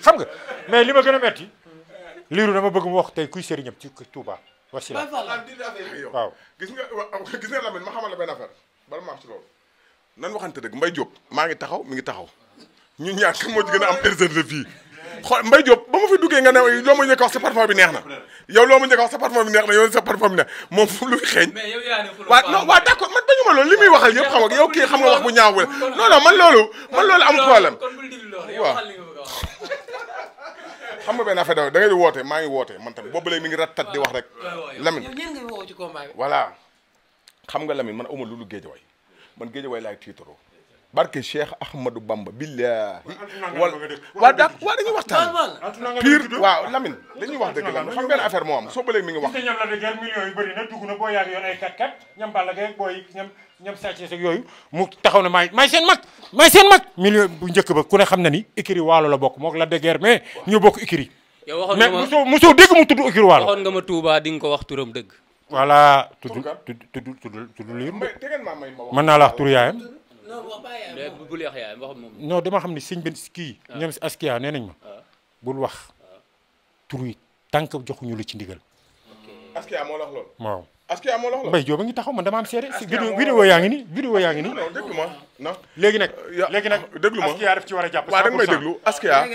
xam nga mais li ma gën a metti liiru dama bëgg mu wax tey kuy sëriñam ci Touba wasila waaw gis nga gis nga Lamine ma xamal la benn affaire bala ma am ci loolu nan waxante dëgg Mbaye Diop maa ngi taxaw mi ngi taxaw ñu ñaar kan moo ci gën a am <laughs> erreur de vie xool Mbaye Diop ba ma fi duggee nga ne loo ma njëkk wax sa parfum neex na yow loo ma njëkk wax sa parfum bi neex na yow sa parfum bi neex moom fu luy xeeñ waaw non waaw d'accord man dañu ma loolu li muy waxal yëpp xam nga yow kii xam nga wax xam nga benn affaire da ngay woote maa ngi woote man tamit boobu léegi mi ngi rattat di wax rek Lamine voilà xam nga Lamine man amul lu dul Géejawaay man Géejawaay laay tiitaroo barke Cheikh Ahmadou Bamba billahi wala waaw daa waaw dañuy waxtaan pire waaw Lamine dañuy wax dëgg la affaire moo am mi ngi wax ñam la dëggal millions yu bëri na dugg na boo yàgg yoon ay kat kat ñam Balla booy ñam mu taxaw ne maay maay seen mag million bu njëkk ba ku ne xam na ni Waalo la bokk mook la dëgër mais ñoo bokk écurie yow waxoon nga mu tudd écurie Waalo waxoon nga ma Touba di nga ko wax turam dëgg voilà tudd tudd tudd tudd tudd liir mën naa la wax tur yaayam bul wax yaayam wax moom. non dama xam ne sëñ bi kii. Ah. ñoom si askia nee nañ ma. Ah. bul wax ah. tur yi tànk joxuñu la ci ndigal. askia moo la wax loolu. waaw askia moo la wax loolu. mbay jooba ngi taxaw dama am seede. askia vidéo yaa ngi ni vidéo yaa ngi nii. léegi nag euh, léegi nag déglu ma askia daf ci war a jàpp. waaw da may déglu askia.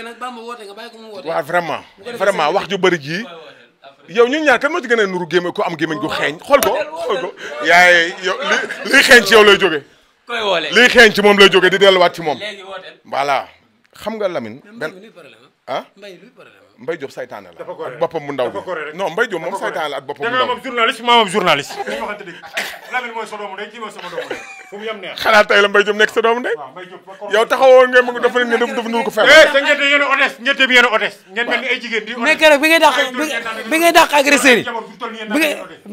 waaw vraiment vraiment wax ju bëri ji. yow ñu ñaar kan moo ci gën nuru gémé ko am gémé gu xeeñ xool ko xool ko yaay yow li xeeñ ci yow lay jóge koy woole liy xeeñ ci moom lay jógee di delluwaat ci moom. léegi xam nga Lamine. mbay luy problème ah? la. ak boppam bu ndaw bi non mbay Diop moom saytaane la ak boppam bu ndaw bi. da ngaa am journaliste maa am journaliste. li ma waxante dëgg Lamine mooy sa doomu ndey kii mooy sama doomu ndey fu mu mbay Diop nekk sa doomu ndey. yow taxawoo ngeen mu dafa ne dafa nul ko fer. eh te ngeen di yéen a honnête ñette a honnête. ngeen mel ni ay jigéen di honnête. mais keroog bi ngay dàq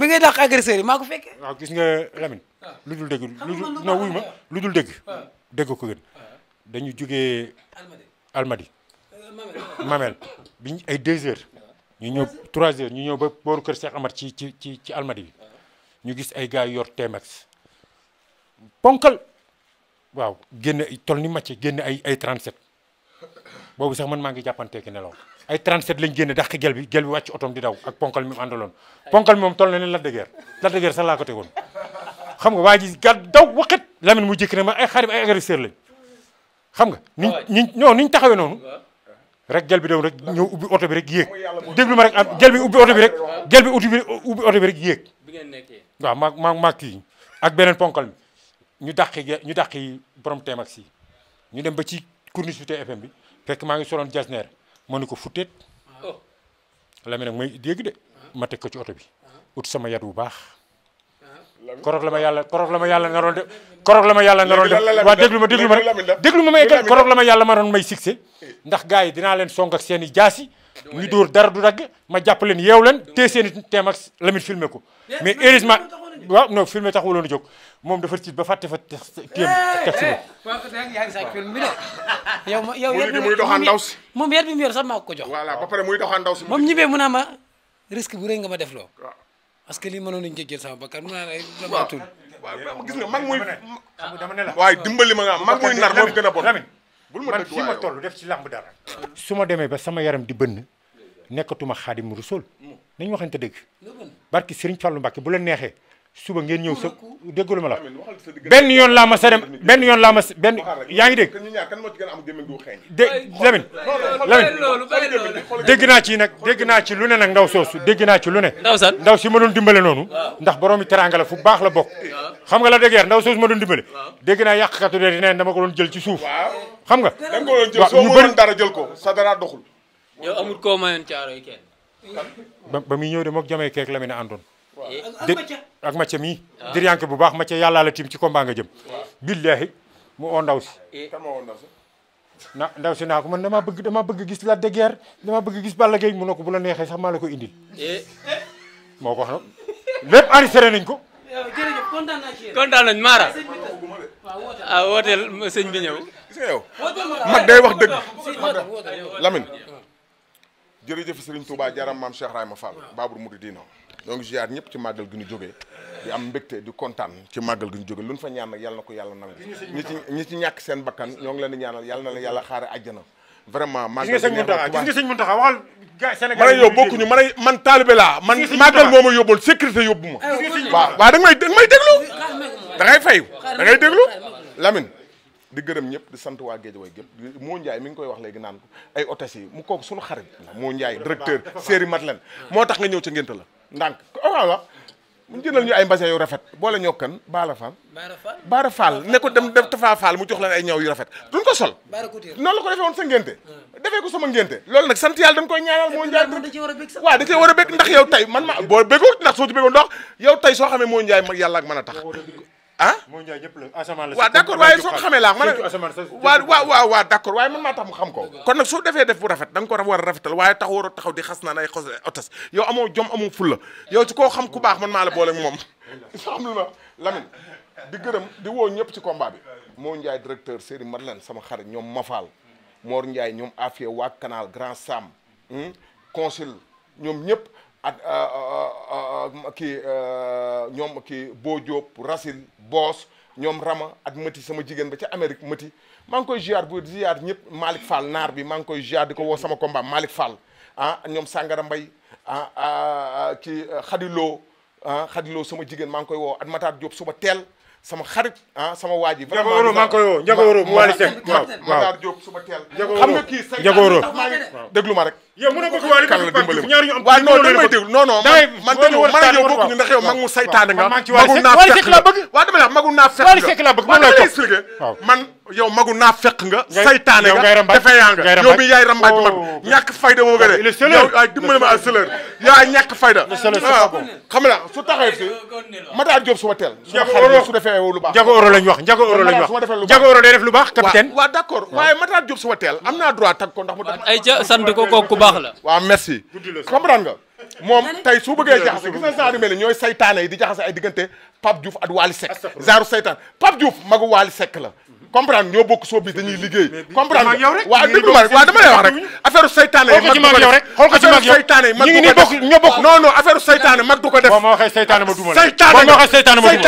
bi ngay dàq nga lu dul dégg lu dul non wuy ma lu dul dégg ah. dégg ko gën ah. dañu jóge almadi euh, mamel biñ ay deux heures ah. ñu ñëw trois heures ñu ñëw ba booru kër Cheikh Amar ci ci ci ci almadi bi ñu gis ay gars yor Tmax ponkal waaw génne tol ni màcce génne ay ay 37 boobu sax man maa ngi jàppanteeki nelaw ay 37 lañ génne dàq gel bi gel bi wàcc otom di daw ak ponkal mi mu àndaloon ponkal moom tol na ne Lac de Guiers Lac sax laa ko tegoon xam nga waa ji gàd daw waxit Lamine mu jëkk ne ma ay xarit ay agresseur lañ xam nga niñ niñ non niñ taxawee noonu rek jël bi daw rek ñëw ubbi oto bi rek yéeg déglu ma rek am ah, jël bi ubbi oto bi rek oto bi rek yéeg waaw maa maa maa kii ak beneen ponkal mi ñu dàqi ñu dàqi borom teem ak si ñu dem ba ci corniche su TFM bi fekk maa ngi soloon neer moo ni ko futteet oh. Lamine nag may dégg de ah. ma teg ko ci oto bi ah. ut sama yat bu baax koroog la ma yalla koroog yàlla naroon de koroog la ma yàlla naroon de waa déglu ma déglu ma rek déglu ma may gën la ma yàlla ma doon may succès ndax gars yi dinaa leen song ak i jaasi ñu dóor dara du dagg ma jàpp leen yeew leen tee seen i teem ak Lamine filmé ko ma heureusement waaw non filmé tax waloon a jóg moom dafa tiit ba fàtte fa téem eh, teg eh, si <laughs> yow yow yet bi muy doxaan ndaw si moom yet bi mu yor sax maa ko ko jox voilà ba pare muy doxaan ndaw si moom ñibee mu naa ma risque bu rëy nga ma def loo parce que lii mënoon nañu cee jël sama bakkan mën naa la waaw waaw gis nga mag mooy. dama ne la waaye dimbali ma nga mag mooy nar moo gën a bon. bul ma man def ci làmb dara. su ma demee ba sama yaram di bënn nekkatuma xaadim rasul mm. nañu waxante dëgg. barki Serigne Fallou Mbacke bu la neexee. suba ngeen ñëw sa déggalu ma la benn yoon laa ma sa dem benn yoon laa ma benn yaa ngi dégg dé Lamine Lamine dégg naa ci nag dégg naa ci lu ne nag ndaw soosu dégg naa ci lu ne ndaw si ma doon dimbale noonu ndax boroomi teranga la fu baax la bokk xam nga la déggeer ndaw soosu ma doon dimbale dégg naa yàqkatu dee neen dama ko doon jël ci suuf xam nga waaw ñu bëri dara jël ko sa dara koo mayoon caaro yi kenn ba muy ñëw de mook jamee la mi a àndoon Eh, ak macca mii diriyànke bu baax macca yàllaa la tiim ci combat nga jëm billaahi mu eh. oo ndaw si na ndaw si naa ko man damaa bëgg damaa bëgg gis Lac de Guiers bëgg gis Balla Gaye mu ne ko bu la neexee sax maa la ko indil eh. moo ko wax nag lépp enregistré nañ ko jërëjëf ah, mag day wax dëgg Lamine jërëjëf Serigne Touba jaram maam Cheikh Rahima Fall Babour Mouridina donc ziar ñëpp ci màggal gi ñu jógee di am mbégte di kontaan ci màggal gi ñu jógee lu ñu fa ñaan nag yàlla na ko yàlla nangu ñi ci ñi ci ñàkk seen bakkan ñoo ngi leen di ñaanal yàlla na la yàlla xaare àjjana vraiment màggal gi neex na gis nga a Muntaxa waxal gaay Sénégal ma ne yow bokkuñu ma man taalibe laa man màggal moo ma yóbbul sécurité yóbbu ma waaw waaw da nga may da nga may déglu da ngay fayu da ngay déglu Lamine di gërëm ñëpp di sant waa géej Géejawaay gépp moo Ndiaye mi ngi koy wax léegi naan ko ay otas yi mu kooku sunu xarit moo Ndiaye directeur série Madeleine moo tax nga ñëw ca ngénte la ndànk waaw oh la mu jëndal ñu ay mbasin rafet boole ñoo kan Baara Fall. Baara Fall Baara Fall ne ko def Tafa Fall mu jox leen ay ñaw yu rafet duñ ko sol. Baara Couture noonu la ko defee woon sa ngénte. Ah. defee ko sama ngénte loolu nag sant yàlla dañ koy ñaanal moo njaay. da cee war a bëgg a bëgg ndax yow tey man ma boo bëggoo ndax soo ci bëggoon dox yow tey soo xamee moo njaay yàlla ak mën a tax. ah mooy Ndiaye ñëpp la asamaan la waaw d' accord waaye soo ko xamee laa ma ne waaw waaw waaye man maa tax mu xam ko kon nag soo defee def bu rafet da nga ko war a rafetal waaye tax waroo taxaw di xas naan ay xos otas yow jom amoo fulla yow ci koo xam ku baax man maa la boole moom <laughs> xam lu ma Lamine di gërëm di woo ñëpp ci combat bi moo Ndiaye directeur Serigne Madeleine sama xarit ñoom Mafal Mor Ndiaye ñoom Afia waa Canal Grand Sam hmm, consul ñoom ñëpp Euh, euh, euh, ak kii ñoom kii Bo Diop Racine Boos ñoom Rama ak Mati sama jigéen ba ci Amérique Mati maa ngi koy ziar bu ziar ñëpp Malick Fall naar bi maa ngi koy ziar di ko woo sama combat Malick Fall ah, ñoom sàngara Mbay ah, ah, ah kii Xadiloo ah Xadiloo sama jigéen maa ngi koy woo ak Matar Diop suba teel sama xarit sama waa ji. vraiment Ndiago mu Wally Seck waaw waaw suba teel. Ndiago Woro xam déglu ma rek. yow mën a bëgg waali kàlla dimbali ñaari ñu am waaw non damay déglu non non man dañu man ak yow bokk ñu ndax yow mag mu saytaane nga magu naa fekk la bëgg waaw dama la magu naa fekk nga fekk la bëgg moom lay expliqué man yow magu naa fekk nga saytaane nga dafay yaa nga yow mi yaay rambaaj oh. mag ñàkk fayda boo gënee yow ay dimbali ma sëlër yaa ñàkk fayda ah, xam la su taxee fi Matar Diop suma teel su defee lu baax Ndiago Euro lañ wax Ndiago Euro lañ wax Ndiago Euro day def lu baax capitaine waaw d'accord waaye Matar Diop suma teel am naa droit tag ko ndax mu tax ay ja sant ko kooku baax la waaw merci comprendre nga moom tey su bëggee jaxase gis na genre mel ñooy saytaane yi di jaxase ay diggante Pape Diouf ak Wally Seck genre saytaan Pape Diouf magu Wally sek la comprendre ñoo bokk soo bis dañuy liggéey. comprendre waaw déglu ma rek waaw dama lay wax rek. affaire saytaane yi mag du ko def xool ko ci mag yow rek xool ko ci mag yow ñu ngi nii bokk ñoo bokk. non non affaire saytaane mag du ko def. boo ma waxee saytaane ma duma la saytaane nga boo ma waxee saytaane ma duma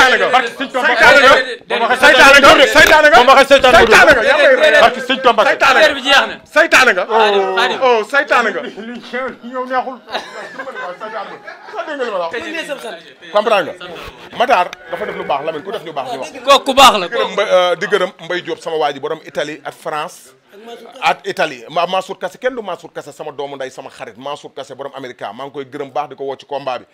la saytaane nga saytaane nga boo ma waxee saytaane ma duma la parce que sëñ Tomba saytaane nga saytaane nga oh saytaane nga. dégg nga li ma la wax dafa def lu baax Lamine ku def lu baax ñu wax kooku ku baax la euh, di gërëm Mbaye Diop sama waa ji borom Italie ak France ak Italie ma Mansour kase kenn du Mansour Kassé sama doomu nday sama xarit Mansour Kassé borom américain maa ngi koy gërëm baax di ko woo ci combat bi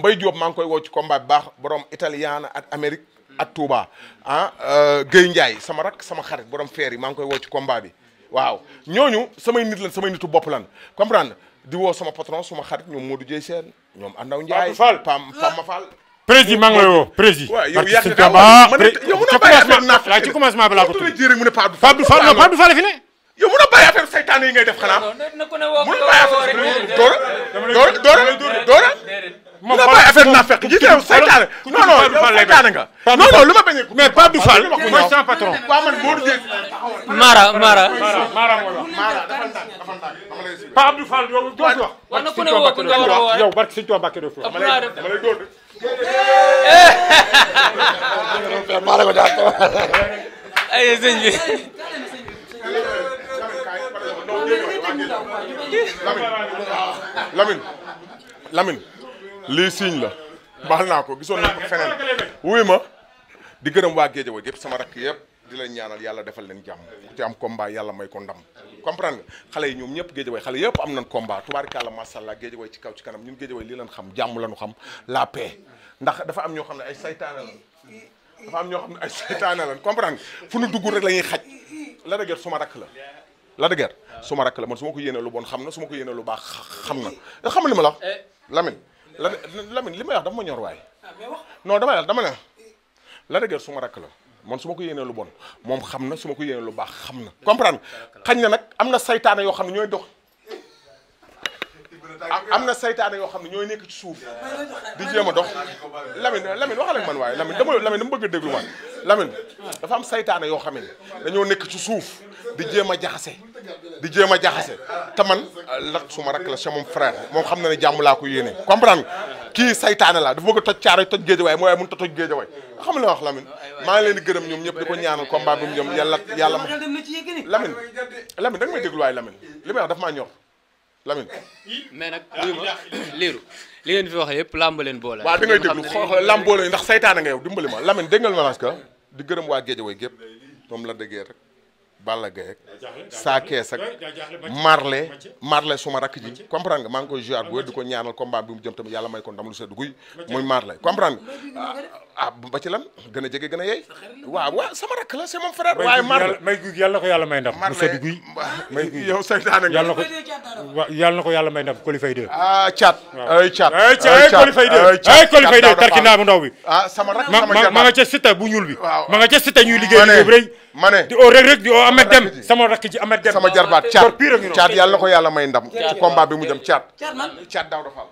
Mbaye Diop maa ngi koy woo ci combat bi baax borom italien ak Amérique ak Touba ah euh, Guèye Ndiaye sama rak sama xarit borom feer yi maa ngi koy woo ci combat bi waaw ñooñu samay nit lan samay nitu bopp lan comprendre di woo sama patron suma xarit ñoom Modou Dieye Sène ñoom Andaw Ndiaye Pam Pam Fall président maa ngi lay woo président waaw a bàyyi affaire naaf waaw ci commencement bi laa ko tudd jërë mu ne Pape Fall non a bàyyi affaire saytaane yi ngay def xanaa mën a bàyyi doora doora moom xoolal affaire bi naa fekk gis nga yow saytaane. non non lu ma bañ a. mais Pape Diouf Fall mooy patron. waaw man Modou Gueye. Mara Mara. Mara Mara mooy wax. Mara dafa ndànk dafa ndànk. Pape lii signe la baal naa ko gisoon nañ ko feneen wuy ma di gërëm waa Géejawaay yëpp sama rakk yëpp di leen ñaanal yàlla defal leen jàmm ku ci am combat yàlla may ko ndam comprendre xale yi ñoom ñëpp Géejawaay xale yëpp am nañ combat tubaarikàlla masàllaa Géejawaay ci kaw ci kanam ñun Géejawaay lii lañ xam jàmm lañu xam la paix ndax dafa am ñoo xam ne ay saytaane la am ñoo xam ne ay saytaane lañ comprendre nga fu nu dugg rek la ñuy xaj la dëgër suma rakk la la dëgër suma rakk la man su ma ko yéene lu bon xam na su ma ko yéene lu baax xam na xam li ma la eh. Lamine la Lamine li may wax dafa ma ñor waay. Ah, non dama ne dama ne la dëgër su ma rakk la man su ma ko yéenee lu bon moom xam na su ma ko yéenee lu baax xam na comprendre xañ na nag am na saytaane yoo xam ne ñooy dox Ah, am na saytaane yoo xam ne ñooy nekk ci suuf di jéem a dox Lamine Lamine a ak man waaye Lamine dama Lamine dama bëgg a déglu man Lamine am saytaane yoo xam ne dañoo nekk ci suuf di jéem a jaxase di jéem a jaxase te man lat suma rak la sama frère moom xam na ne jàmm laa ko yéene comprendre kii saytaane la dafa bëgg a toj caaro toj géej waay mooy mënut a toj géej waay xam la wax Lamine maa ngi leen gërëm ñoom ñëpp di ko ñaanal combat bi mu ñoom yàlla yàlla ma Lamine Lamine da may déglu waay Lamine li may wax daf maa ñor Lamine. mais nag ah, ah, ah. liiru li ngeen fi wax yëpp làmb leen boole. waaw da ngay déglu xool làmb boole ndax saytaane nga yow dimbali ma Lamine déggal ma parce que di gërëm waa Géejawaay gépp moom la déggee rek. Balla Gaye ak Sa Thiès ak Marley Marley suma rakk ji comprendre nga maa ngi koy joué bu wér di ko ñaanal combat bi mu jëm tamit yàlla may ko ndam lu sedd guy muy Marley a nga ah, ah ba ci lan gën a jege gën a yey waaw waaw sama rakk la c'est mon frère may guy yàlla ko yàlla may ndam lu sedd guy <laughs> may guy yow saytaane nga yàlla ko tarki naa bu ndaw bi ah sama rakk bu ñuul bi ma nga ca sita ñuy liggéey liggéey ma ne di oo rek rek di oo Amet Dem sama rakk ji Amet jarbaat caat eh, caat yàlla na ko yàlla may ndam ci combat bi mu jëm caat caat daaw dafal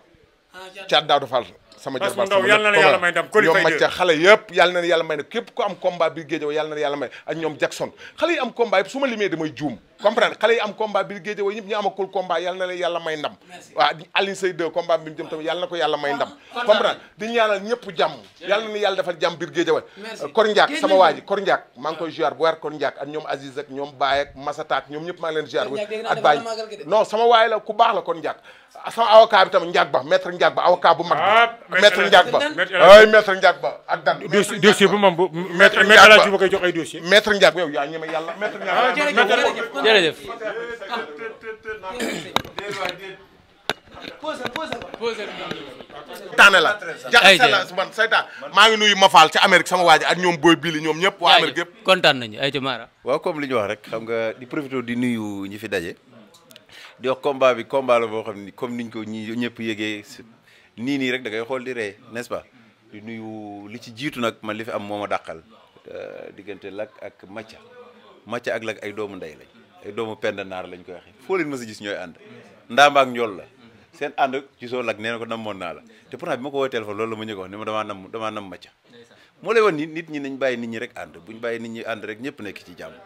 caat ah, daaw dafal sama jarbaat sama yàlla na yàlla may ndam ñoom macca xale yëpp yàlla na yàlla may ne képp ku am combat bi géejëw yàlla na yàlla may ak ñoom Jackson xale yi am combat yëpp su ma limee damay juum comprendre xale yi am combat bi géej way ñëpp ñu amagul combat yàlla na leen yàlla may ndam waaw Alioune Seye 2 combat bi mu jëm tamit yàlla na ko yàlla may ndam ah, comprendre di ñaanal ñëpp jàmm yàlla na ni yàlla defal jàmm biir way Kor Ndiak sama waa Kor Ndiak maa ngi koy bu weer Kor Ndiak ak ñoom Aziz sama waay la ku baax la Kor Ndiak sama avocat bi tamit Ndiak Ba maître Ndiak Ba avocat bu mag bi ah, maître Ba ay maître Ndiak Ba ak dan dossier bu moom bu maître Ndiak Ba jërëjëf. taane la jaxase la man saytaan maa ngi nuyu Mafal ca Amérique sama waaj ji ak ñoom Boy Billy ñoom ñëpp waa Amérique yëpp kontaan nañu ay ca Mara waaw comme li ñu wax rek xam nga di profité di nuyu ñi fi daje di wax combat bi combat la boo xam ni comme niñ ko ñi ñëpp yëgee nii nii rek da ngay xool di ree n'est-ce di nuyu li ci jiitu nag man li fi am moo ma dàqal euh, diggante Lac ak Macha Macha ak Lac ay doomu ndey lañ ay doomu pend naar lañ koy waxee foo leen ma a gis ñooy ànd ndaamba ak njool la seen ànd ci soo lak nee na ko namoon naa la te pourtant bi ma ko woowee téléphone loolu la ma ñu ko wax ni ma damaa nam damaa nam moo lay wan ni nit ñi nañ bàyyi nit ñi rek ànd buñ bàyyi nit ñi ànd rek ñëpp nekk ci jàmm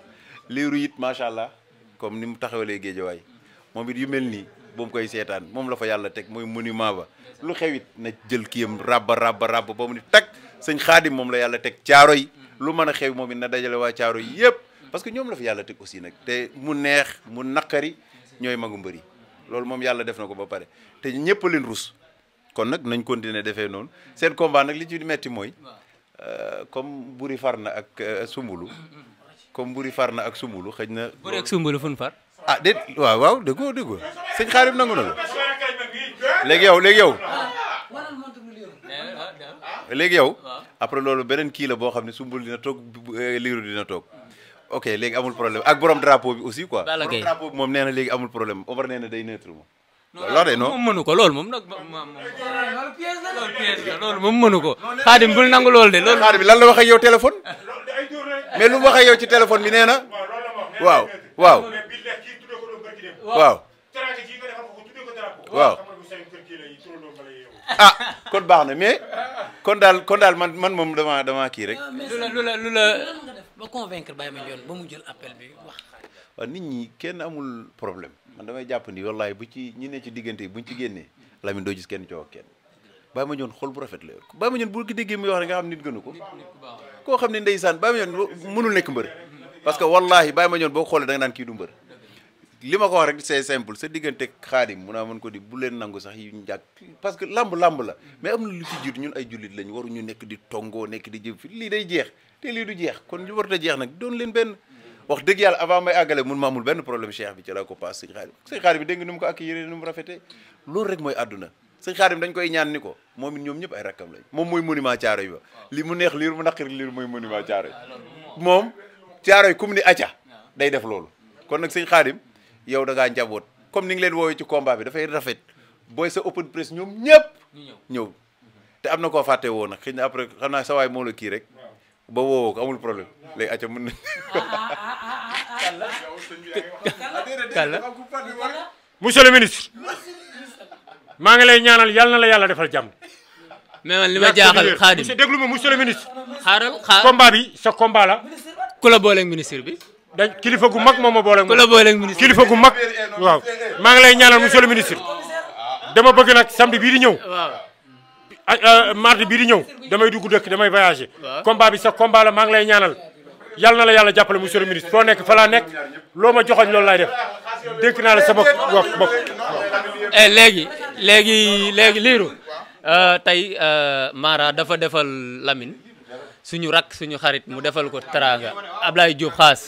liiru it macha allah comme ni mu taxawalee géejawaay moom it yu mel nii bu koy seetaan moom la fa yàlla teg mooy monument ba lu xewit na jël kiyam rabba rabba rabba ba mu ni tag sëñ xaadim moom la yàlla teg caaro yi lu mën a xew moom it na dajale waa caaro yi yëpp parce que ñoom la fi yàlla teg aussi nag te mu neex mu naqari ñooy magu mbëri loolu moom yàlla def na ko ba pare te ñëpp leen rus kon nag nañ kontine defee noonu seen combat nag li ci metti mooy euh, comme euh, buri far na ak sumbulu comme buri far na ak sumbulu xëj na. buri ak sumbulu fun far. ah déet waaw waaw déggoo déggoo sëñ xaarim nangu na léegi yow léegi yow. léegi yow après loolu beneen kii la boo xam ne sumbul dina toog euh, liiru dina toog. ok léegi amul problème ak borom drapeau bi aussi quoi. Balla Gaye borom drapeau bi moom nee na léegi amul problème over nee na day neutre moom. loolu de non moom mënu ko loolu moom nag moom loolu moom mënu ko xaadim bul nangu loolu de loolu. xaadim lan la wax ak yow téléphone mais lu mu wax ak yow ci téléphone bi nee na waaw waaw waaw waaw. ah kon baax na mais kon daal kon daal man man moom dama dama kii rek. lu la lu la lu la ba convaincre Baye Mandione mu jël appel bi wax. nit ñi kenn amul problème man damay jàpp ni wallaay bu ci ñi ne ci diggante yi buñ ci génnee Lamine doo gis kenn coow ak kenn Baye Mandione xol bu rafet la yor Baye Mandione bu ko déggee muy rek nga xam nit gënu ko koo xam ne ndeysaan Baye Mandione mënul nekk mbër parce que wallahi Baye Mandione boo xoolee da nga naan kii du mbër li ma ko wax rek c'est simple sa diggante xaadim mun naa mën ko di bu leen nangu sax yu njàkk parce que lamb lamb la mais am na lu ci jiitu ñun ay jullit lañ waruñu nekk di tongoo nekk di jëm fi lii day jeex te lii du jeex kon lu warut a jeex nag doon leen benn wax dëgg yàlla avant may àggale mun maamul benn problème cheikh bi ci laa ko paas sëñ xaadim sëñ xaadim dégg nga ni mu ko ak yéneen ni mu rafetee loolu rek mooy dañ koy ñaan ni ko moom it ñoom ñëpp ay rakkam lañ moom mooy monument caaro yi ba li mu neex liir mu naqari liir mooy monument caaro yi moom caaro yi kum ni aca day def loolu kon nag sëñ xaadim yow da ngaa njaboot comme ni nga leen woowee ci combat dafay rafet booy sa open press ñoom ñëpp. ñëw te am na koo fàtte woo nag xëy na après xam sa waay moo kii rek ba woowoo ko amul ah, ah, ah, ngi lay ñaanal yal na la yàlla defal jàmm. li ma jaaxal xaadim monsieur déglu ma monsieur le ministre. xaaral xaar combat ku la booleeg ministre bi. dañ kilifa gu mag moom ma boole. ku ministre kilifa gu mag. waaw maa ngi lay ñaanal mu le ministre dama bëgg nag samedi bii di ñëw. waaw ah, ah, mardi bii di ñëw damay dugg dëkk damay voyager. combat bi sax combat la maa ngi lay ñaanal yàlla na la yàlla jàppale mu le ministre foo nekk fa nekk loo ma joxoñ loolu laay def dénk naa la sama bokk bokk. Eh, léegi léegi léegi liiru euh, tey euh, Mara dafa defal Lamine suñu rakk suñu xarit mu defal ko teraanga Ablaye Diop xaas.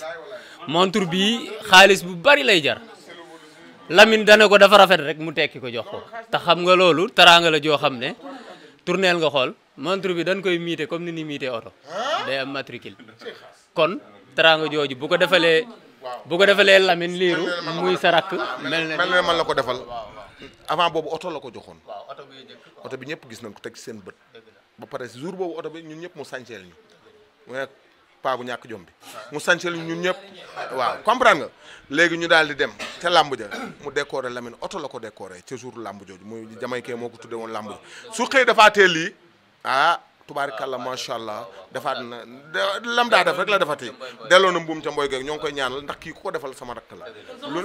montre bi xaalis bu bari lay jar Lamine dana ko dafa rafet rek mu tekki ko jox ko te xam nga loolu taraanga la joo xam ne tourneel nga xool mantre bi dañ koy miite comme ni ni miite oto day am matricule kon taraanga jooju bu ko defalee bu ko defalee Lamine liiru muy sa rakk mel na mel na la ko defal avant boobu oto la ko joxoon oto bi ñëpp gis nañ ko teg seen bët ba pare jour boobu oto bi ñun ñëpp mu sànceel ñu paa bu ñàkk jom bi mu sañsel ñun ñëpp waaw comprendre nga léegi ñu daal di dem te làmb ja mu décoré Lamine oto la ko décoré ca jour làmb jooju muy jamaykee moo ko tudde woon làmb ja su xëy dafaa teel lii ah tubaarikàlla macha allah defaat na lam daa def rek la defati delloo na mbuum ca mboy geeg ñoo ngi koy ñaanal ndax kii ku ko defal sama rakk la lu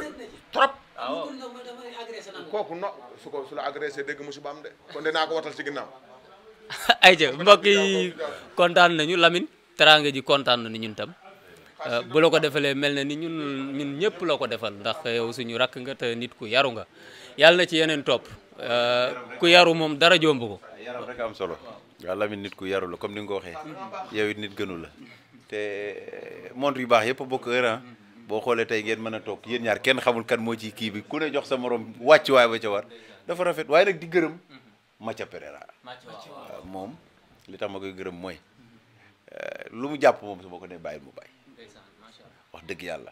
trop kooku no su ko su dégg musiba am kon de naa ko watal ci ginnaaw <laughs> ay jë mbokk yi kontaan nañu Lamine teraanga ji kontaan na ni ñun tam euh, bu la ko defalee mel na ni ñun ñun ñëpp la ko defal ndax yow suñu rakk nga te nit ku yaru nga yàlla na ci yeneen topp euh, ku yaru moom dara jomb ko. yaram rek am solo waaw nit ku yaru comme ni nga ko waxee yow it nit gënu la te montre yu baax yëpp bokk heure ah. boo xoolee tey ngeen mën a toog yéen ñaar kenn xamul kan moo ci kii bi ku ne jox sa moroom wàcc waay ba ca war dafa rafet waaye nag di gërëm Mathia Pereira moom li tax ma koy gërëm mooy Eh, lu mu jàpp moom su ma ko ne bàyyil mu bàyyi wax dëgg yàlla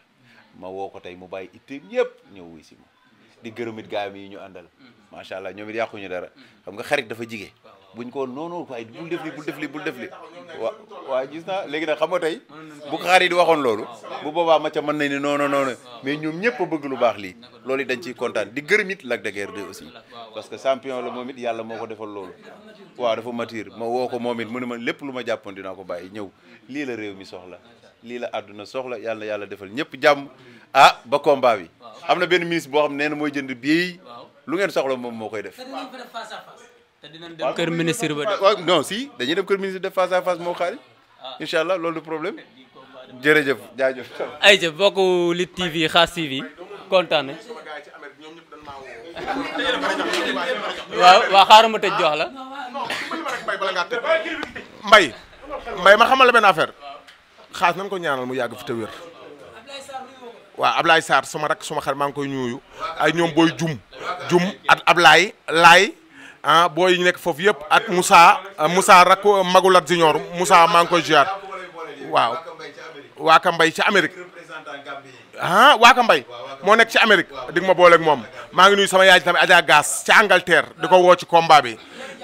ma woo ko tey mu bàyyi itteem yëpp ñëw wuy si ma di gërëmit it gaayam yi ñu àndal mm-hmm. macha allah ñoom it yàquñu dara mm-hmm. xam nga xarit dafa jige buñ ko non non waaye bul def li bul def li bul def li waaw waaw gis naa léegi nag xam nga tey bu xaar yi di waxoon loolu ah, bu boobaa ma ca mën nañ ne non non non mais ñoom ñëpp a bëgg lu baax lii loolu dañ ciy kontaan di gërëm it Lac de Guiers 2 aussi parce que champion la moom it yàlla moo ko defal loolu waaw dafa mature ma woo ko moom it mu ne ma lépp lu ma jàppoon dinaa ko bàyyi ñëw lii la réew mi soxla lii la àdduna soxla yàlla na yàlla defal ñëpp jàmm ah ba combat bi am na benn ministre boo xam ne nee na mooy jënd bii lu ngeen soxla moom moo koy def te kër ministre ba. waaw non si dañuy dem kër ministre de face à face moo xaari ah. incha allah loolu du problème jërëjëf jaajëf. ayca bokk Lutte TV Khass TV kontaan na. waaw tëj jox la. mbay mbay ma xamal la benn affaire xaas nañ ko ñaanal mu yàgg fi te wér waaw Ablaye Sarr sama rak sama xar maa ngi koy ñuuyu ay ñoom booy jum jum ak Ablaye laay ah booy nekk foofu yëpp ak Moussa ah, Moussa magul ah, Magulat Junior Moussa manko ngi koy ziar waaw. Waaka Mbay ci Amérique ah Waaka Mbay moo nekk ci Amérique di nga ma booleeg moom maa ngi nuyu sama yaay ji tamit Adja Gaas ci Angleterre di ko woo ci combat bi.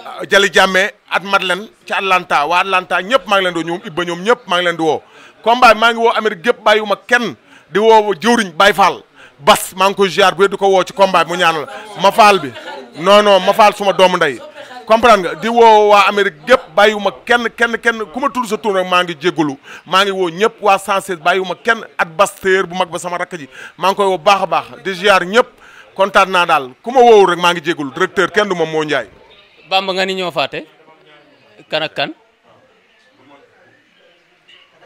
Ah, Jali Jàmme at Madeleine ci Atlanta waa Atlanta ñëpp maa ngi leen di woo ñoom Ibba ñoom ñëpp maa ngi leen di woo. combat bi maa ngi woo Amérique gépp bàyyiwuma kenn di woo jëwriñ Baye Fall Bas manko ngi koy ziar di ko woo ci combat bi mu ñaanal ma Fall bi. non no ma faal suma doomu nday comprendre di woo waa Amérique gépp bàyyiwuma kenn kenn kenn ku ma tudd sa tur rek maa ngi jégalu maa ngi woo ñëpp waa 116 ma kenn at Basteur bu mag ba sama rakk ji maa ngi koy woo baax a baax di ziar ñëpp kontaan naa daal ku ma woowul rek maa ngi jégalu directeur kenn du ma moo Ndiaye. Bamba nga ni ñoo faate kan ak kan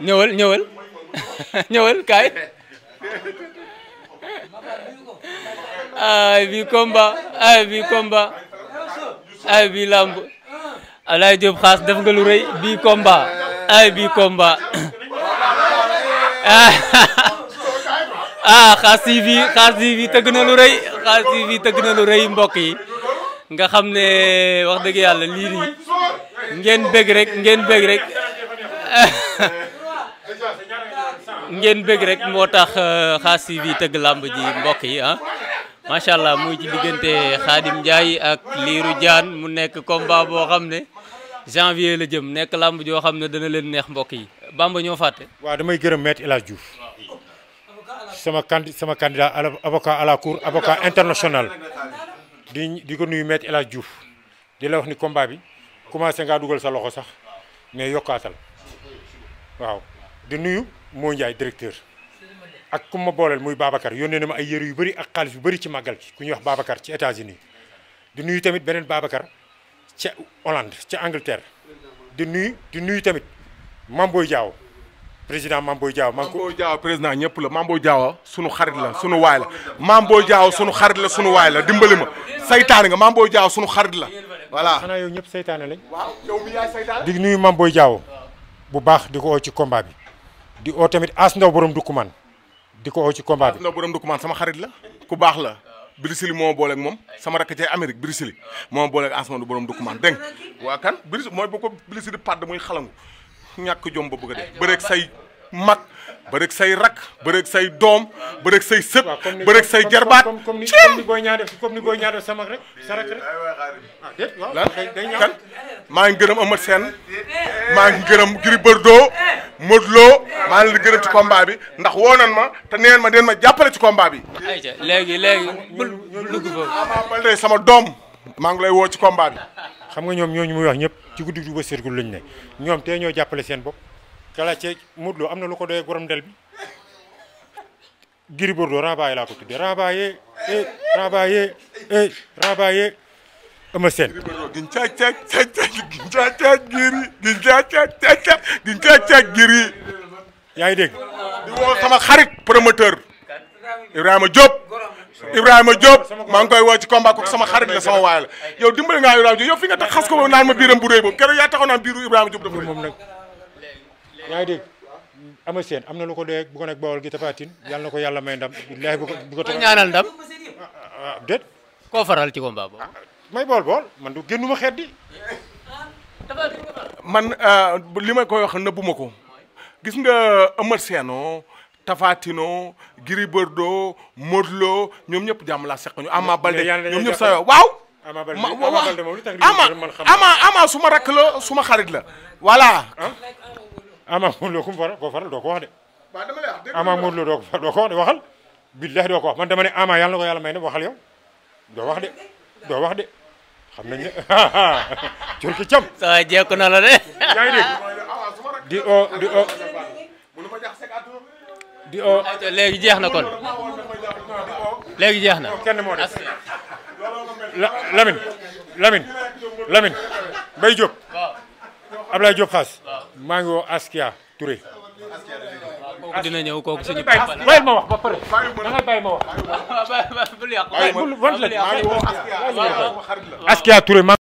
ñëwal ñëwal <laughs> kaay. <laughs> ay bi combat ay bi combat ay bi làmb Alaye Diop xaas def nga lu rëy bi combat ay bi combat ah xaas yi bi xaas yi bi tëgg na lu rëy xaas yi bi tëgg na lu rëy mbokk yi nga xam ne wax dëgg yàlla lii nii ngeen bëgg rek ngeen bëgg rek <laughs> ngeen bëgg rek moo tax xaas yi bi tëgg làmb ji mbokk yi ah macha allah muy ci diggante Khadim Ndiaye ak Lirou Diane mu nekk komba boo xam ne janvier la jëm nekk làmb joo xam ne dana leen neex mbokk yi Bamba ñoo fàtte. waaw damay gërëm maître El Hadj sama candi sama candidat avocat à la cour avocat international di di ko nuyu maître El Hadj di la wax ni combat bi commencé ngaa dugal sa loxo sax mais yokkaatal waaw di nuyu moo Ndiaye directeur. ak ku ma booleel muy Babacar yónnee na ma ay yére yu bëri ak xaalis yu bëri ci màggal gi ku ñuy wax Babacar ci États-Unis di nuyu tamit beneen Babacar ca Hollande ci Angleterre di nuyu di nuyu tamit Mamboy Diaw président Mamboy Diaw maa ngi président ñëpp la Mamboy Diaw sunu xarit la sunu waay la Mamboy Diaw sunu xarit la sunu waay dimbali ma saytaane nga Mamboy Diaw sunu xarit la voilà. xanaa yow ñëpp saytaane lañ. di nuyu Mamboy Diaw bu baax di ko oo ci combat bi di oo tamit as ndaw borom dukkumaan. di ko oo ci combat bi. na borom sama xarit la ku baax la. Brisili moo booleeg moom sama rakk ci Amérique Brisili moo booleeg Asma du borom document a nga waa kan Brisili mooy boo ko Brisili pàdd muy xalangu ñàkk jom ba bëgg a dee say. mat bëreeg say rak bëreeg say doom bëreeg say sët bëreeg say jarbaat. comme ni comme ni booy comme ni booy ñaa def rek sa rak rek ah déet waaw maa ngi gërëm Amath Sène maa ngi gërëm Gris Bordeaux Modou Lo maa ngi leen di bi ndax woo nan ma te neen ma den ma jàppale ci combat bi. ayca léegi léegi bul dugg foofu. sama doom maa ngi lay woo ci combat xam nga ñoom ñooñu muy wax ñëpp ci guddi gu ba sërgul lañ ne ñoom tey ñoo jàppale seen bopp. Kala Ceec Modou Lo am na lu ko doyee gorom del bi Gris Bordeaux rabaay laa ko tuddee rabaayee eh rabaayee eh rabaayee Eumeu Sène. giñ caa caa caa caa giñ caa caa giri giñ caa caa giri. yaa ngi dégg. di woo sama xarit promoteur Ibrahima Diop. Ibrahima Diop maa ngi koy woo ci combat ko sama xarit la sama waay la yow dimbali ngaa Ibrahima Diop yow fi nga tax xas ko ba naan ma biiram bu rëy boobu keroog yaa taxaw naan biiru Ibrahima Diop dafa rëy. yaa ngi dégg ama seen am na lu ko doyee bu ko gi tafatin yàlla na ko yàlla may ndam billaahi bu ko bu ko ñaanal ndam ah, ah, déet koo faral ci combat boobu ah, may bool bool man du génnuma xeet di man li ma koy wax buma ko gis nga Eumeu Sène Tafatino Gris Bordeaux Modou Lo ñoom ñëpp jàmm laa seq ñu Ama Balde ñoom ñëpp sa waaw ama suma rakk la suma xarit la voilà ama Modou Lo kum faral koo faral doo ko wax de. waaw dama lay doo ko wax de waxal. billahi doo ko wax man dama ne ama na ko yàlla may dem waxal yow doo wax de xam nañ ne <laughs> jur ki cam. saa waay jékku na la de. di o di o. di o léegi jeex na kon léegi jeex na. kenn moo de la Abdoulaye Diop Xaas maa ngi woo Askia Touré. kooku dina ñëw kooku suñu ba pare da nga bàyyi Askia Touré